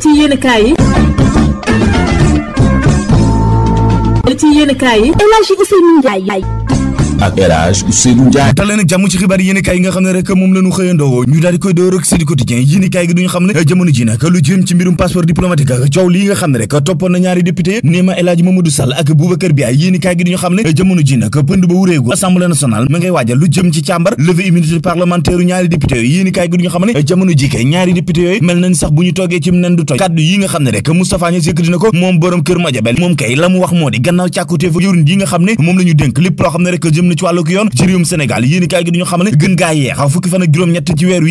ci yenn kaay yi ci yéenekaay yi jàmm ci xibaar yi nga xam ne rek toppoon na ñaari député Néma El Hadj Mamadou Sall ak Boubacar Biaye yéenekaay gi duñu xam gi duñu xam ne jamono ji kay ñaari député yooyu mel nañ sax bu ñu toogee ci nen du toj kàddu yi nga xam ne rek Moustapha Niass yëkkati na ko moom borom kër Madiabel moom kay la mu wax moo di gannaaw càkkutee fa jëwriñ yi nga xam ne moom la ñu dénk loo xam ne rek jëm na ci wàllu ko yoon ci réewum Sénégal yéen i kaay gi duñu xam ne gën gaa yeex fukki fan ak juróom-ñett ci weeru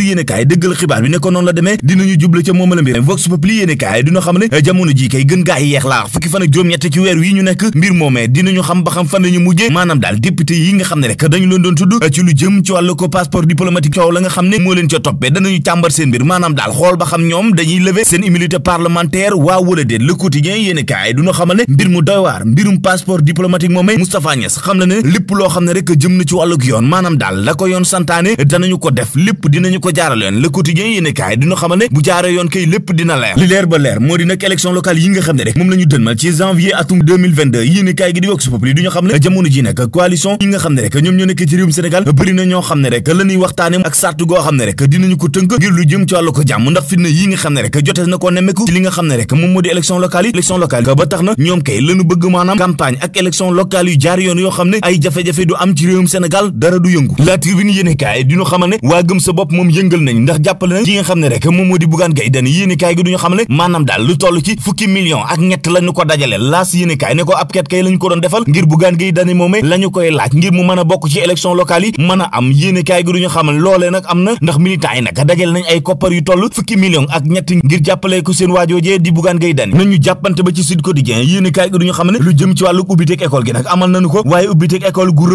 i kaay dëggal xibaar ko xam ne jamono ji kay gën gaa yeex laa fukki fan yi ñu nekk ne rek dañu leen doon tudd ci lu jëm ci wàllu passeport diplomatique coow la nga xam ne moo leen ca toppee danañu càmbar seen mbir maanaam daal xool ba xam ñoom dañuy lever seen immunité parlementaire waaw wala déet le quotidien yéen kaay du ñu xamal ne mbir mu doy mbirum passeport diplomatique moomee Moustapha Niass xam na ne lépp loo xam ne rek jëm na ci wàllug yoon maanaam daal la ko yoon santaane danañu ko def yoon le quotidien yéen kaay du ñu xamal ne bu jaare yoon kay lépp ne rek moom la ñu kaay gi di ne jamono ji nag coalition yi nga xam ne rek na ñoo ne rek la waxtaane ak sàrt goo xam ne rek dinañu ko tënk ngir lu jëm ci wàllu ko jàmm ndax fitna yi nga xam ne rek jotees na koo nemmeeku ci li nga xam ne rek moom moo di élection locale yi élection locale yi ba tax na ñoom kay lañu bëgg maanaam campagne ak élection locale yu jaar yoon yoo xam ne ay jafe-jafe du am ci réewum Sénégal dara du dajale laas yéene ne ko ab kay lañu ko doon defal ngir Bougane Gueye Dany moome lañu koy laaj ngir mu mën a bokk ci élection locale yi mën a am yéene gi duñu xamal loolee nag am na ndax militant yi nag dajale nañ ay koppar yu toll fukki million ak ñett ngir jàppale di Bougane Gueye nañu jàppante ba ci Sud Quotidien yéen i kaay gi duñu xam ne lu jëm ci wàllu ubbiteg école gi nag amal nañu ko waaye ubbiteg école gi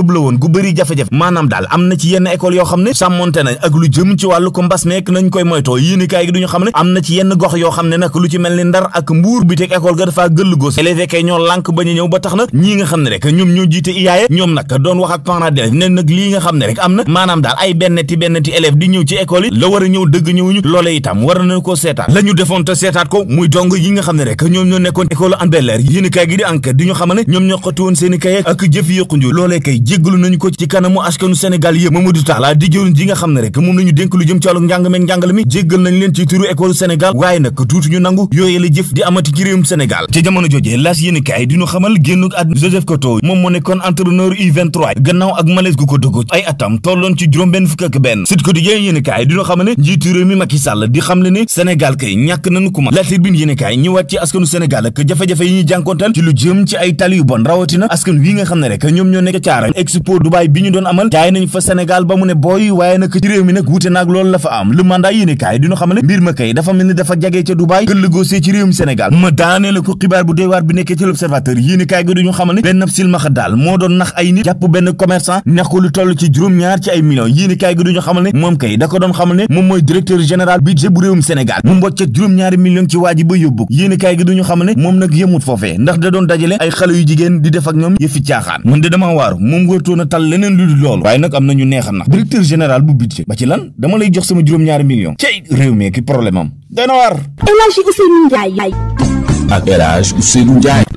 duñu xam ne am ñoo lànk bañ a ñëw ba tax na ñii nga xam ne rek ñoom ñoo jiite iyaaye ñoom nag doon wax ak parents d'élèves ne nag lii nga xam ne rek am na maanaam daal ay benneti benneti élève di ñëw ci école yi la war a ñëw dëgg ñëwuñu loole itam war nañu ko seetaat lañu defoon seetaat ko dong yi nga xam ne rek mi jéggal nañ leen ci turu école Sénégal waaye nag tuuti ñu nangu yooyee la jëf di amati ci réewum Sénégal te jamono jooje laas yéen xamal génnu at Joseph Koto moom moo nekkoon entraîneur U23 gannaaw ak malaise gu ko dugg ay atam tolloon ci juróom benn fukk ak benn Sud Quotidien yéen kaay di ñu mi Macky Sall di xam ne Sénégal kay ñàkk nañu kuma kaay ñëwaat ci askanu Sénégal ak jafe-jafe yi ñu jànkonteel ci lu jëm ci ay tali bon rawatina askan wi nga xam ne rek ñoom ñoo nekk caara expo Dubaï ñu xamal ne moom kay da doon xamal ne moom mooy directeur général budget bu réewum Sénégal mu mbocca juróom-ñaari millions ci waa ji yóbbu yéenekaay gi duñu xam ne moom nag yëmut foofee ndax da doon dajale ay xale yu jigéen di def ak ñoom yëfi caaxaan man de damaa waaru moom wërtoon a leneen lu dul loolu waaye nag am na ñu neexal nag directeur général bu budget ba ci lan dama lay jox sama juróom-ñaari million cey réew mi ki problème dana war El Hadji Ousseynou Ndiaye ak El